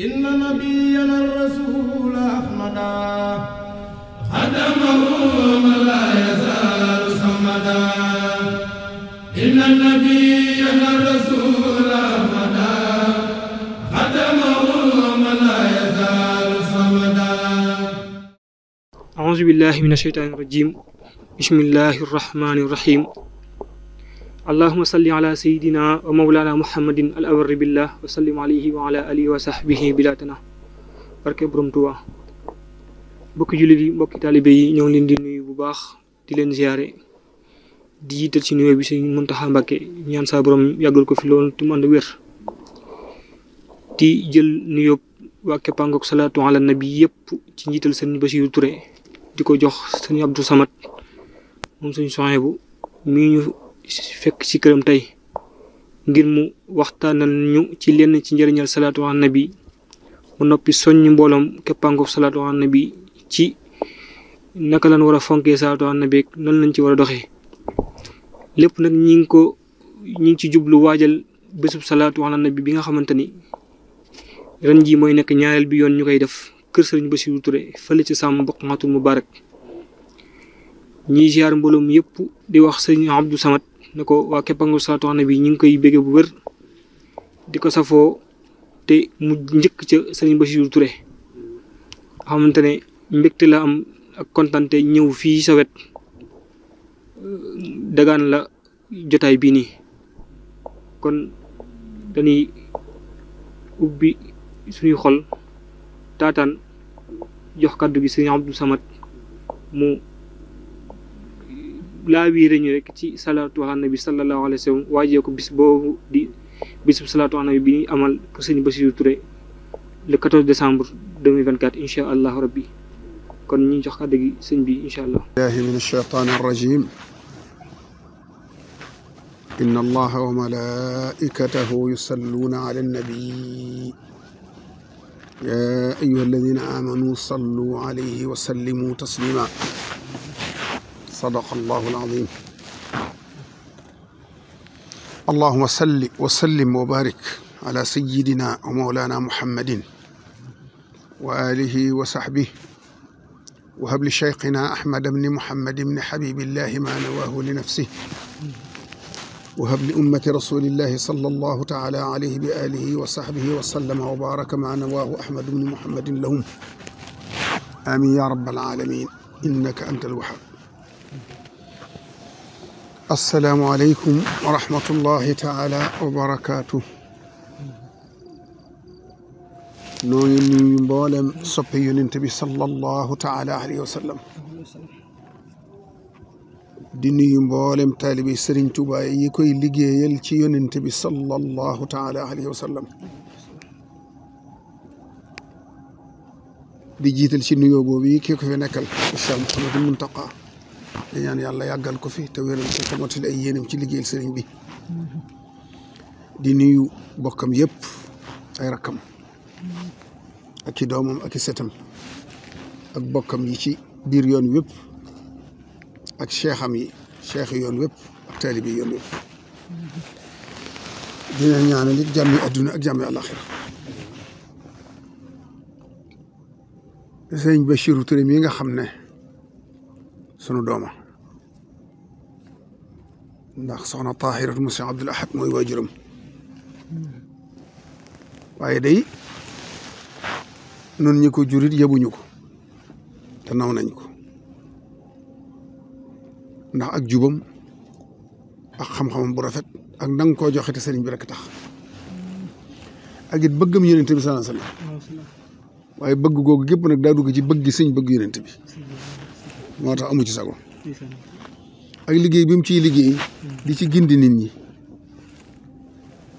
إن نبينا الرسول أحمدا خدمه لا يزال صمدا إن نبينا الرسول أحمدا خدمه لا يزال صمدا أعوذ بالله من الشيطان الرجيم بسم الله الرحمن الرحيم allahuma salli ala sayidina wa maulana muhammadin al awarri billah wa sallim alayhi wa ala alihi wa sahbihi bilatana barke borom mbokki jullit yi mbokki taalibe yi ñoo ngi leen di nuyu bu baax di leen ziare di jiital ci nuyoo bi sëñ Muntaxa Mbàkke ñaan saa borom yàggal ko fi loolu te mu ànd wér di jël nuyoo waa Kepaangook salaatu ala nabi yëpp ci njiital sëñ Basiru Ture di ko jox sëñ Abdou Samad moom sëñ Soxebu mi ñu fekk ci këram tey ngir mu waxtaanal ñu ci lenn ci njëriñal salaatu wa nabi mu noppi soññ mbooloom keppaangof salaatu wa nabi ci naka lan wara fonké salaatu nabi nan lañ ci wara doxé lepp nak ñi ko ñi ci jublu wajal bisub salaatu wa nabi bi nga xamanteni ni ren ji moy nek ñaaral bi yoon ñukay def kër sëriñ Bassirou Touré fele ci sam mboq mubarak ñi ziar mbolum yépp di wax sëriñ Abdou Samad Nako wa kepangu sa to wax bi koy bégge bu wër di safo te mu ñëk ci sëriñ bassirou Touré xamantene ne la am ak contenté ñëw fi sa wét dagan la jotay bi ni kon dañuy ubbi suñu xol taataan jox kaddu gi sëriñ Abdou Samad mu laa wiire ñu rek ci salaatu ala nabi sallallahu alayhi wa sallam waajee ko bis boobu di bisub salaatu ala nabi bi ñuy amal pour sëñ Bassirou Touré le 14 décembre 2024 incha allah rabbi kon ñu jox kàddu gi sëñ bi incha allah. billahi min ashaytaani rajim inna allaha wa malaikatahu yusalluna ala nabi ya ayuha alladina amanu sallu alayhi wa sallimu taslima صدق الله العظيم اللهم صل وسلم وبارك على سيدنا ومولانا محمد وآله وصحبه وهب لشيخنا أحمد بن محمد بن حبيب الله ما نواه لنفسه وهب لأمة رسول الله صلى الله تعالى عليه بآله وصحبه وسلم وبارك ما نواه أحمد بن محمد لهم آمين يا رب العالمين إنك أنت الوهاب asalaamualeykum wa rahmatullahi taala wa barakaatu noo ngi nuyu mboolem soppe yonent bi sallallahu taala alayhi wa sallam di nuyu mboolem taalibi Sëriñ Tuubaa yi koy liggéeyal ci yonent bi sallallahu taala alayhi wa sallam di jiital ci nuyoo boobu yi kii ko fi nekkal Cheikh Mouhamadou Mountakha di ñaan yàlla yàggal ko fi te wéral ko te ay yéenam ci liggéeyal sëriñ bi di nuyu bokkam yëpp ay rakkam ak i doomam ak setam ak bokkam yi ci biir yoon wépp ak cheikham yi cheikh yoon wépp ak taalibi yoon wépp dina ñaanal it adduna ak jàmmi àlaxira sëriñ Bachirou Touré mii nga xam ne sunu dooma ndax soxna Tahiratu mu Sëñ Abdul Ahad mooy waajuram waaye day nun ñi ko jurit yebuñu ko te naw nañ ko ndax ak jubam ak xam-xamam bu rafet ak nang koo joxe te sëriñ bi rekk tax ak it bëggam yonent bi sallallahu alayhi waaye bëgg googu gépp nag daa dugg ci bëgg sëñ bëgg yonent bi moo tax amu ci sago ak liggéey bi mu ciy liggéey di ci gindi nit ñi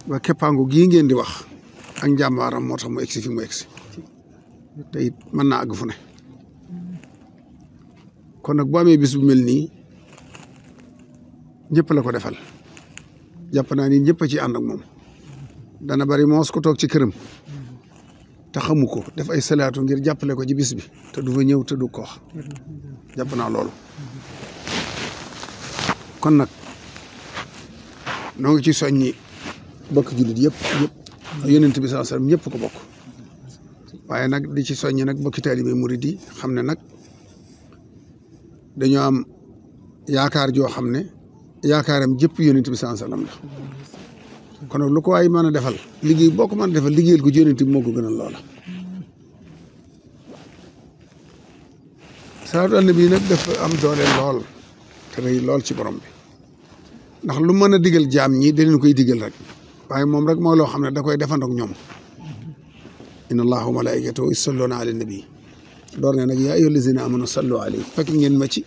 ba keppaangu gii ngeen di wax ak njàmbaaram moo tax mu egsi fi mu egsi te it mën naa àgg kon nag boo amee bis bu mel nii ñëpp la defal jàpp naa ni ñëpp a ci ànd ak moom dana bari moos ko toog ci këram te xamu ko def ay salaatu ngir jàppale ko ci bis bi te du fa ñëw te du ko wax naa loolu kon nag noo ngi ci soññi bokk jullit yëpp yëpp yonent bi sallallahu alayhi wasallam ñëpp ko bokk waaye nag di ci soññi nag bokki taalibe mu yi xam ne nag dañoo am yaakaar joo xam ne yaakaaram jëpp yonent bi sallallahu alayhi wasallam la kon nag lu ko waay mën a defal liggéey boo ko mën a defal liggéeyal ko ci ti bi ko gënal loola salaatu annabi nag def am doole lool te rëy lool ci borom bi ndax lu mën a digal jaam ñii daleen koy digal rek waaye moom rek mooy loo xam ne da koy defandoog ñoom inna allaha wa malaikatahu yusalluuna ala nabi door ne nag yaa ayyuha allazina amanu sallu alayhi fekk ngeen ma ci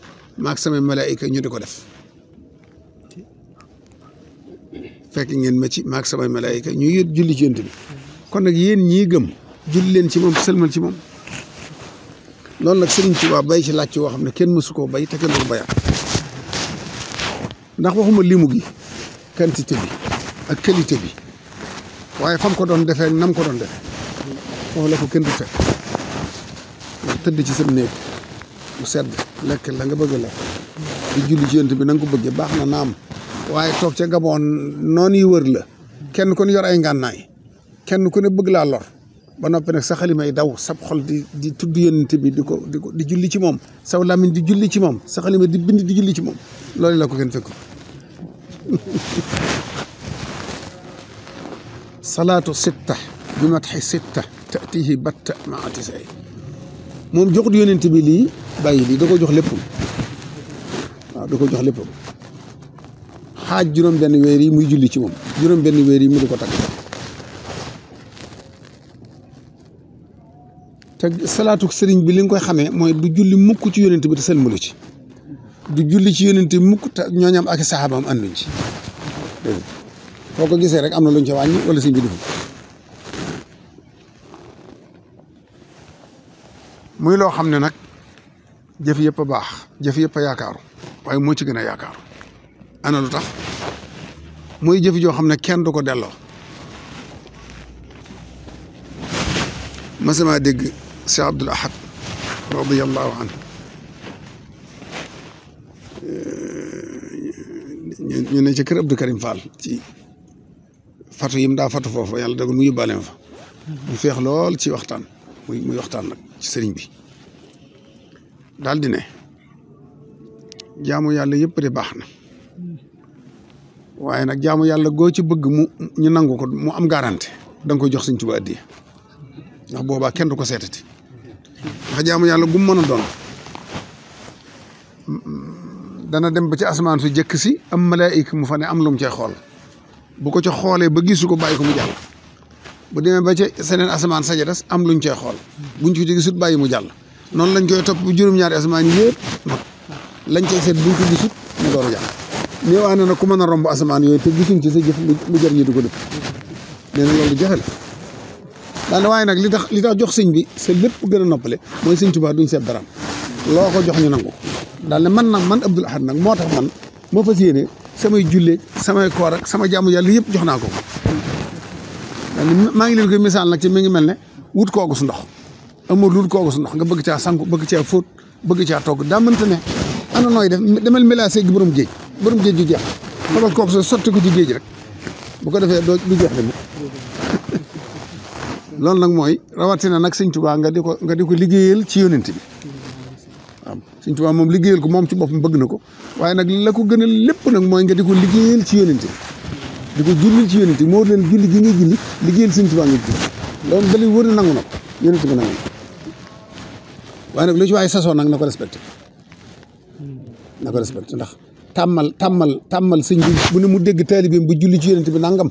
maag sama malaayika ñu di ko def fekk ngeen ma ci maag sama malaayika ñu yë julli ci yonent bi kon nag yéen ñii gëm julli leen ci moom sëlmal ci moom loolu nag Sëriñ Tuubaa bay ci laaj ci ne kenn mësu koo bay te kenn du ko bayaat ndax waxuma limu gi quantité bi ak qualité bi waaye fam ko doon defee nam ko doon defee foofu la ko kenn du fekk nga tëdd ci sa néeg mu sedd lekk la nga bëgg a di julli ci yent bi na nga ko bëggee baax na naam waaye toog ca gaboon noonu yi wër la kenn ku ne yor ay ngànnaay kenn ku ne bëgg laa lor ba noppi nag sa xalima yi daw sab xol di di tudd yonent bi di ko di ko di julli ci moom saw làmmiñ di julli ci moom sa xalima di bind di julli ci moom loolu la ko kenn fekk salaatu sitta bi matxi sitta tatihi batta maa tisay moom joxut yonent bi lii bàyyi lii da ko jox léppam waaw da ko jox léppam xaaj juróom benn weer yi muy julli ci moom juróom benn weer yi mu di ko tagg te salaatu sëriñ bi li nga koy xamee mooy du julli mukk ci yonent bi te sëlmalu ci du julli ci yonente mukk te ñooñam ak sahabam andu ci foko gisé rek amna luñ ci wàññi wala sëñ bi def muy lo xamné nak jëf yëpp baax jëf yëpp a yaakaaru waaye moo ci gëna yaakaaru ana lutax muy jëf jo xamné kenn duko ma sama dégg Cheikh Ahad radiyallahu anhu ñu ne ci kër Abdou Karim Fall ci fatu yim daa fatu foofu yàlla dogal mu yóbbaale ma fa mu feex lool ci waxtaan muy muy waxtaan nag ci sëriñ bi daal di ne jaamu yàlla yëpp de baax na waaye nag jaamu yàlla goo ci bëgg mu ñu nangu ko mu am garanti danga nga koy jox sëñ Tuubaa addiya ndax boobaa kenn du ko seetati ndax jaamu yàlla gum mën a doon dana dem ba ci asamaan su jëkk si am malaayika mu fa am lu mu cay xool bu ko ca xoolee ba gisu ko bàyyi ko mu jàll bu demee ba ca seneen asamaan sa ja des am luñ cay xool buñ ko ci gisut bàyyi mu jàll noonu lañ koy topp bu juróom-ñaari asamaan yi lañ cay seet buñ ko gisut mu door jàll néewaa na ku mën a romb asamaan yooyu te gisuñ ci sa jëf mu jëriñu du ko def nee na loolu jafe daane waaye nag li tax li tax jox sëñ bi sa lépp gën a noppale mooy sëñ Tuubaa duñ seen dara loo ko jox ñu nangu daal ne man nag man Abdoul Ahad nag moo tax man moo fas yéene samay julleeg samay koor rek sama jàmm yàlla yëpp jox naa ko maa ngi leen koy misaal nag ci mi ngi mel ne wut kooku su ndox amul wut kooku su ndox nga bëgg caa sanku bëgg caa fóot bëgg caa togg daa mënta ne ana nooy def demal mélancé gi borom géej borom géej ju jeex xolal kooku so sotti ko ci géej rek bu ko defee doo du jeex de loolu nag mooy rawatina nag sëñ Tuubaa nga di ko nga di ko liggéeyal ci yónent bi waaw sëñ Tuubaa moom liggéeyal ko moom ci boppam bëgg na ko waaye nag la ko gënal lépp nag mooy nga di ko liggéeyal ci yónent bi di ko jullil ci yónent bi moo leen julli gi ngay julli liggéeyal sëñ Tuubaa nga julli loolu da lay wër ne nangu na ko yónent bi nangu waaye nag lu ci waaye sasoo nag na ko respecté na ko respecté ndax tàmmal tàmmal tàmmal sëñ bi bu ne mu dégg taalibeem bu julli ci yónent bi nangam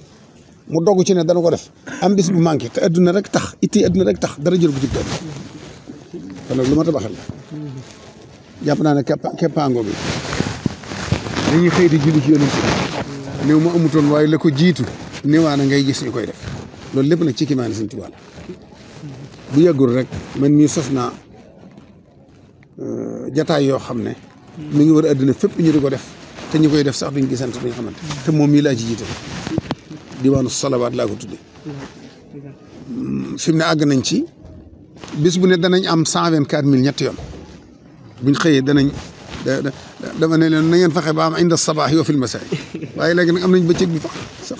mu dogg ci ne dana ko def am bis bu manqué te adduna rek tax itti adduna rek tax dara jël bu jub doon kon nag lu ma tabaxal la jàpp naa ne keppaango bi dañuy xëy di julli ma amutoon waaye la ko jiitu néewaa na ngay gis ñu koy def loolu lépp nag ci kimaani Sëñ Tuubaa la bu yàggul rek man mii sos naa euh, jataay yoo xam ne mi ngi war a adduna ñu di ko def te ñu koy def sax duñ gisante duñ xamante te moom mii laa ci jiital diwaanu salawaat laa ko tudde mm, fi ne àgg nañ ci bis bu ne danañ am cent vingt quatre mille ñetti yoon buñ xëyee danañ dama ne nen na ngeen fexe ba am inda sabaax yoo fil masaa waaye léegi nag am nañ bëccëg bi sax sax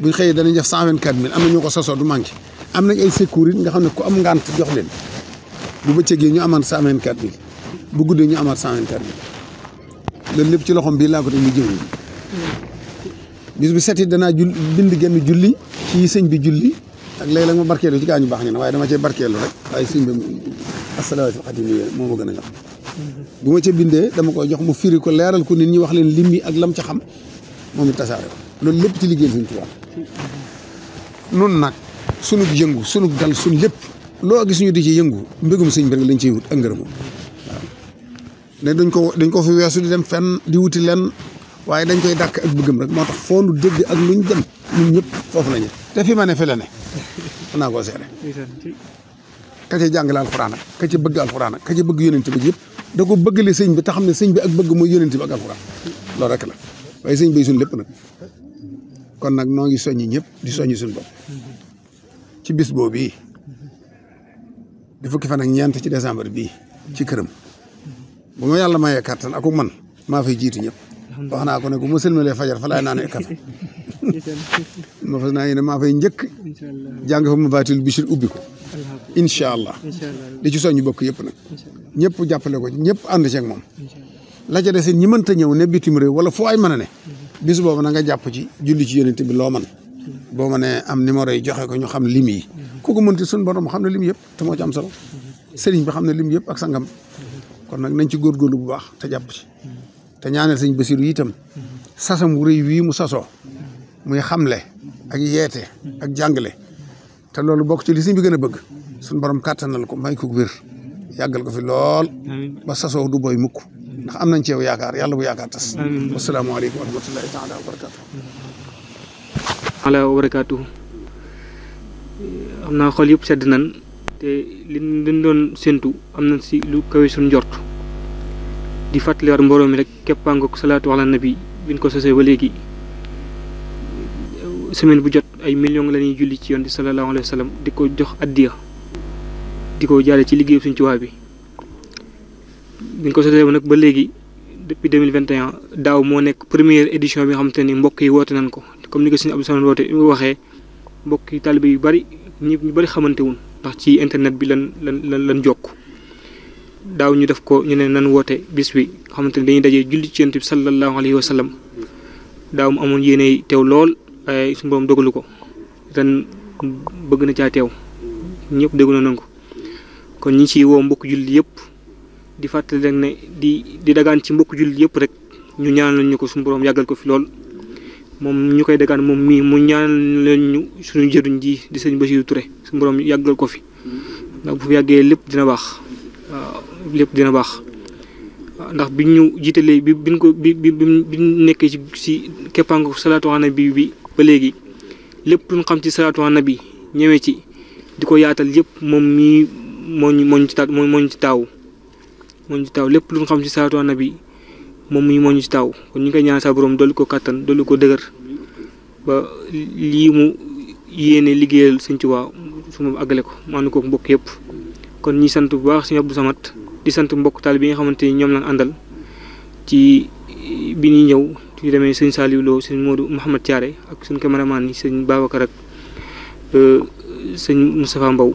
buñ xëyee danañ def cent vingt quatre am na ñoo ko sosoo du manqué am nañ ay secours nga xam ne ku am ngant jox leen bu bëccëgee ñu amaan cent vingt quatre bu guddee ñu amaat cent vingt quatre mille loolu lépp ci loxoom bii laa ko teg ñu jëm bis bu set it danaa jul bind genn julli ci sëñ bi julli ak léeg-léeg ma barkeelu ci gaa ñu baax ñu ne waaye dama cee barkeelu rek waaye sëñ bi moo ma gën a jox bu ma ca bindee dama koy jox mu firi ko leeral ko nit ñi wax leen lim yi ak lam xam moom it tasaare loolu lépp ci liggéeyal sëñ Tuubaa nun nag sunu yëngu sunu dal sunu lépp loo gis ñu di ci yëngu mbégum sëñ bi rek lañ ciy wut ak ne dañ ko dañ ko fi weesu di dem fenn di wuti leen waaye dañ koy dàkk ak bëggam rek moo tax foo nu dégg ak luñ dem ñun ñëpp foofu la ñu te fi ma ne fi la ne mën naa koo seere ka ci jàngale alxuraan ka ci bëgg alxuraan ak ka ci bëgg yonent bi yëpp da ko bëggale sëñ bi te xam ne sëñ bi ak bëgg mooy yonent bi ak alxuraan loolu rek la waaye sëñ bi suñ lépp nag kon nag noo ngi soññi ñëpp di soññi suñ bopp ci bis boobu bii di fukki fan ak ñeent ci décembre bi ci këram bu ma yàlla mayee kàttan aku man maa fay jiitu ñëpp wax naa ko ne bu ma sëlmalee fajar fa laay naanee kafe ma fas naa yéene maa fay njëkk jàng fa ma baatil bichir ubbi ko incha allah di ci soññu bokk yëpp nag ñëpp jàppale ko ñëpp and ceeg moom la ca des ñi mënta ñëw ne bitim réew wala foo ay mën a ne mm-hmm. bis boobu na nga jàpp ci julli ci yonent bi loo man mm-hmm. boo ma ne am numéro yi joxe ko ñu xam lim yi mm-hmm. ku ko mënti suñu borom xam ne lim yëpp te moo ci am solo sëriñ bi xam ne lim yëpp ak sangam kon nag nañ ci góorgóorlu bu baax te jàpp ci te ñaanal sëñ Basiru itam sasam wu rëy wii mu sasoo muy xamle ak yeete ak jàngale te loolu bokk ci li sëñ bi gën a bëgg suñ borom kàttanal ko may ko wér yàggal ko fi lool ba sasoo du booy mukk ndax am nañ ci yaakaar yàlla bu yaakaar tas wasalaamaaleykum wa barakaatu ala naa xol yëpp sedd nan te li ñu doon am na si lu kawe suñ njort di fatli war mborom rek rek keppaangook salatu ala nabi bin ko sosé ba semaine bu jot ay millions la ñuy julli ci sallallahu alaihi wasallam diko ko jox addiya diko ko ci liggéey suñ ci bi biñ ko sosé nak ba léegi depuis 2021 daw mo nek première édition bi nga mbokk yi woté nan ko comme ni ko suñu Abdou woté woote mbokk yi taalibe yu bari ñi bari xamanté wuñ ndax ci internet bi lan lan lan lan jokk daaw ñu def ko ñu ne nan woote bis bi xamante dañuy dajee julli ci yonent bi sallallahu alayhi wa sallam daaw mu amoon yéene teew lool waaye suñu borom dogalu ko ren na caa teew ñëpp dégg na ko kon ñi ci woo mbokk julli yëpp di fàttali rek ne di di dagaan ci mbokk julli yëpp rek ñu ñaanal ñu ko suñu borom yàggal ko fi lool moom ñu koy dagaan moom mii mu ñaanal ñu suñu jëriñ ji di sëñ Bassirou Touré suñu borom yàggal ko fi ndax bu fi yàggee lépp dina baax lépp dina baax ndax biñ ñu jiitalee bi biñ ko bi bi biñ nekkee ci si keppaangu salaatu ala bi ba léegi lépp luñ xam ci salaatu ala nabi ñëwee ci di ko yaatal yëpp moom mii moo ñu moo ñu ci taat moo ñu ci taaw moo ci taaw lépp luñ xam ci salaatu ala moom mii moo ci taaw kon ñu ngi ñaan sa borom dolli ko kàttan dolli ko dëgër ba lii mu yéene liggéeyal Sëñ Tuubaa su àggale ko maanaam kooku mbokk yëpp kon ñi sant bu baax Sëñ Abdou Samad di sant mbokk taal bi nga xamante ni ñoom lañ àndal ci bi ñuy ñëw ci demee sëñ Saliou Lo sëñ Modou Mouhamed Thiaré ak suñ caméraman yi sëñ Babacar ak euh, sëñ Moustapha Mbow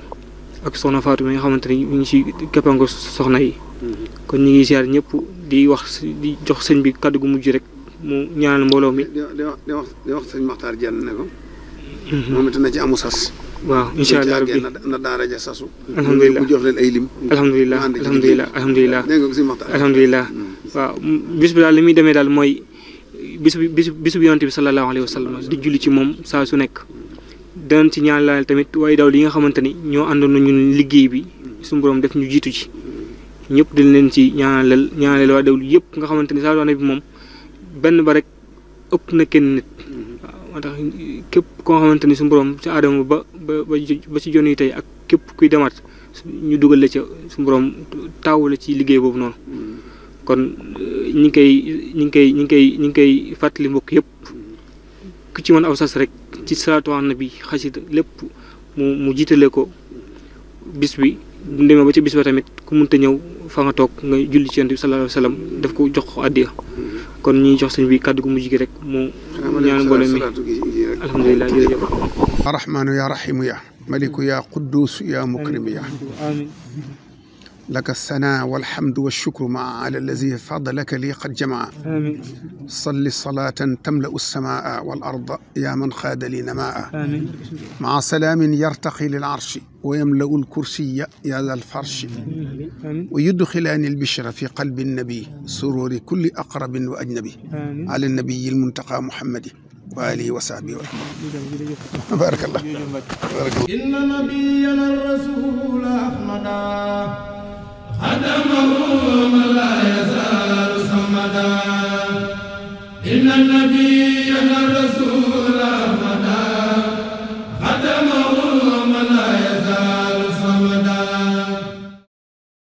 ak soxna Fatou mi nga xamante ni ñu ngi ci kappango soxna yi mm-hmm. kon ñu ngi ziar ñëpp di wax di jox sëñ bi kàddu gu mujj rek mu ñaanal mbooloo mi. sëñ Makhtar Diagne mm-hmm. na waaw incha allah rabbi na daara ja sasu alhamdulilah mu jox leen ay lim alhamdulilah alhamdulilah alhamdulilah alhamdulilah mm. waaw bis bi daal li muy demee daal mooy bis bi bis bisu bi yonte bi sallallahu alayhi wa sallam di julli ci moom saa su nekk danañ ci ñaan laal tamit waaye daaw li nga xamante ni ñoo àndoon ñun liggéey bi su borom def ñu jiitu ci ñëpp dañ leen ci ñaanalal ñaanalal waa dawlu yëpp nga xamante ni saa doon bi moom benn ba rek ëpp na kenn nit mm-hmm. waaw moo tax képp koo xamante ni suñu borom ci aadama ba ba ba ba ci jonni tey ak képp kuy demaat ñu dugale ca su mboroom taawu ci liggéey boobu noonu kon euh, ñi ngi koy ñi ngi koy ñi ngi koy ñi ngi koy fàttali mbokk yëpp ku ci mën aw sas rek ci salaatu an nabi xasida lépp mu mu jiitale ko bis bi bu demee ba ci bis ba tamit ku munta ñëw fa nga toog nga julli ci yonent bi sallallahu alayhi wa daf ko jox ko addiya kon ñuy jox sëñ bi kàddu gu mu gi rek mu ñaan mboolem mi alhamdulilah الرحمن يا رحيم يا ملك يا قدوس يا مكرم يا آمين لك الثناء والحمد والشكر مع على الذي فضلك لي قد جمع آمين صل صلاة تملأ السماء والأرض يا من خاد لي نماء آمين مع سلام يرتقي للعرش ويملأ الكرسي يا ذا الفرش آمين ويدخلان البشر في قلب النبي سرور كل أقرب وأجنبي آمين على النبي المنتقى محمد وآله وصحبه ورحمة الله بارك الله بارك الله إن نبينا الرسول أحمد خدمه وما لا يزال صمدا إن نبينا الرسول أحمد